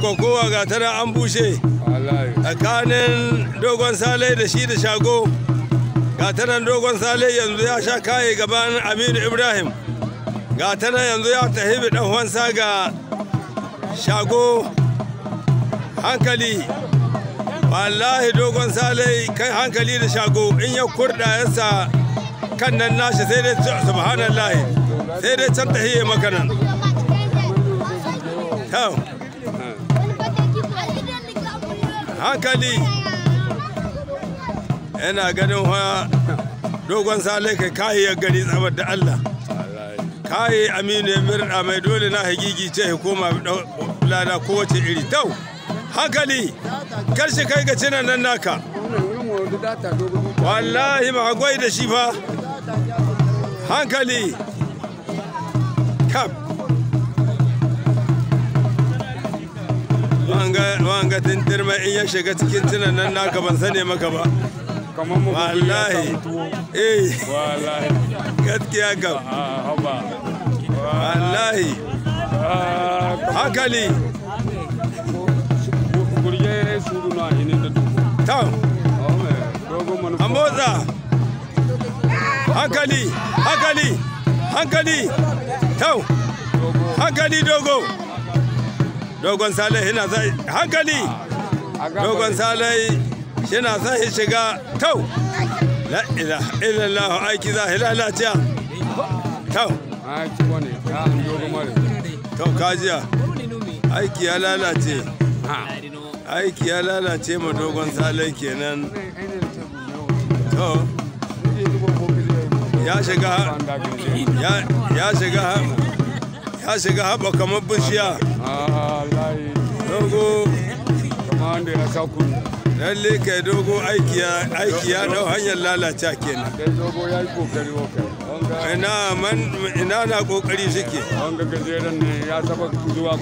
kokowa ga tana an bushe tsakanin dogon sale da shi da shago ga tanan dogon sale yanzu ya sha kaye gaban aminu ibrahim ga tanan yanzu ya tahibi dan wansa ga shago hankali wallahi dogon sale kai hankali da shago in ya kurda yasa kan nan nashi sai dai subhanallahi sai dai can tahiye makanan. hankali yana ganin wa dogon sale kai kayi ya gari tsabar da Allah kayi aminu ya mirɗa mai dole na hagigi ce ya koma kowace iri tau hankali karshe kai ga cinan nan naka wallahi ba gwai da shi fa hankali kap in ya shiga cikin tunan nan naka ban sane maka ba kamar mu wallahi eh wallahi gaskiya kam wallahi hakali gurje amboza hankali hankali hankali tau hankali dogo dogon salih yana zai hankali dogon salai na sa shi shiga tau la ilaha illallah aiki za shi a tau tau kajiya aiki ya lalace aiki ya lalace ma dogon salai kenan tau ya shiga ya shiga ya shiga haɓa kamar bishiya Allah ah, dogo wanda ya sa kunu lalle kai dogo aiki ya aiki ya dau hanyar lalace kenan kai dogo yayi kokari ina man ina na kokari suke wanga gajeren ne ya saba zuwa